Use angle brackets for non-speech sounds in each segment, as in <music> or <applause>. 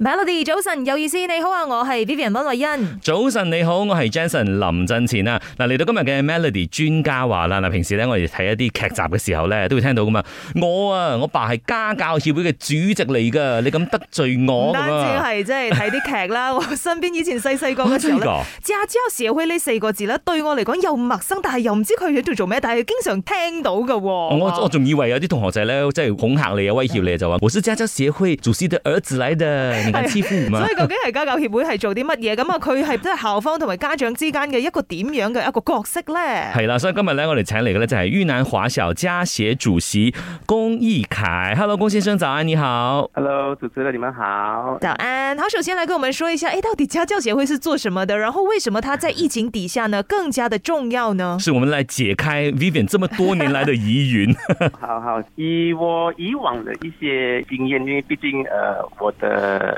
Melody，早晨，有意思，你好啊，我係 Vivian 溫慧欣。早晨，你好，我係 Jason 林振前啊。嗱，嚟到今日嘅 Melody 專家話啦，嗱，平時咧我哋睇一啲劇集嘅時候咧，都會聽到噶嘛。我啊，我爸係家教協會嘅主席嚟噶，你咁得罪我，唔單止係即係睇啲劇啦， <laughs> 我身邊以前細細個嘅時候咧，家教協會呢四個字咧，對我嚟講又陌生，但係又唔知佢喺度做咩，但係經常聽到噶。我、啊、我仲以為有啲同學仔咧，即係恐嚇你啊，威脅你就話 <laughs> 我是家教協會主席的兒子嚟的。欺所以究竟係家教協會係做啲乜嘢？咁啊，佢係即係校方同埋家長之間嘅一個點樣嘅一個角色咧？係啦，所以今日咧，我哋請嚟嘅咧，就係越南華小家協主席龔義凱。Hello，龔先生，早安，你好。Hello，主持人，你們好。早安。好，首先嚟跟我們說一下，欸，到底家教協會是做什麼的？然後，為什麼它在疫情底下呢，更加的重要呢？是我們來解開 Vivian 這麼多年來的疑雲。 <laughs> <laughs> 好好，以我以往嘅一些經驗，因為畢竟，呃，我的。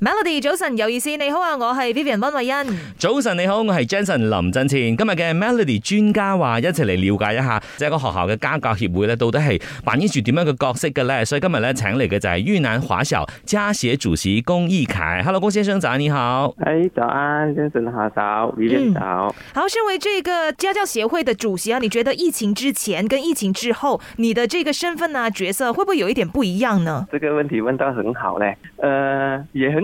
Melody，早晨有意思，你好啊，我係 Vivian 溫慧欣。早晨你好，我係 Jensen 林振前。今日嘅 Melody 專家話，一齊嚟，了解一下，即、這、係個學校嘅家教協會咧，到底係扮演住點樣嘅角色嘅呢？所以今日呢，請嚟嘅就係越南華小家協主席龔義凱。Hello，龔先生早，你好。誒，早安，Jensen，好早，你好、嗯。好，身為這個家教協會的主席啊，你覺得疫情之前跟疫情之後，你的這個身份啊角色，會不會有一點不一樣呢？這個問題問得很好咧，誒、呃，也很。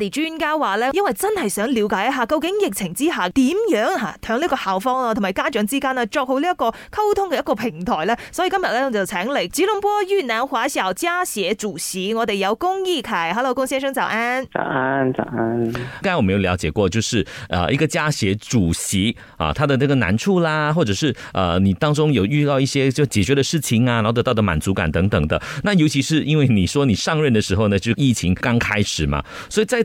啲專家話呢，因為真係想了解一下究竟疫情之下點樣吓，向呢個校方啊，同埋家長之間啊，作好呢一個溝通嘅一個平台呢。所以今日咧就請嚟吉隆坡越南華小家協主席，我哋有龔益凱，Hello，龔先生早安，早安早安。剛才我沒有了解過，就是啊、呃、一個家協主席啊、呃，他的呢個難處啦，或者是啊、呃、你當中有遇到一些就解決的事情啊，然後得到的滿足感等等的。那尤其是因為你說你上任的時候呢，就疫情剛開始嘛，所以在。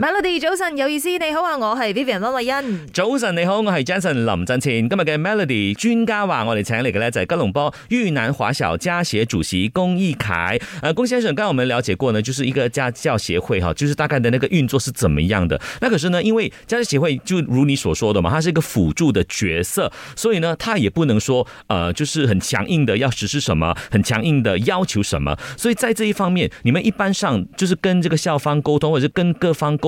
Melody 早晨，有意思，你好啊，我係 Vivian 溫樂欣。早晨，你好，我係 Jason 林振清。今日嘅 Melody 專家話，我哋請嚟嘅咧就係吉隆坡越南華小家協主席龔義凱。誒、呃，龔先生，剛才我們了解過呢，就是一個家教協會，哈，就是大概的那個運作是怎麼樣的？那可是呢，因為家教協會就如你所說的嘛，它是一個輔助的角色，所以呢，它也不能說，誒、呃，就是很強硬的要實施什麼，很強硬的要求什麼。所以在這一方面，你們一般上就是跟這個校方溝通，或者係跟各方溝。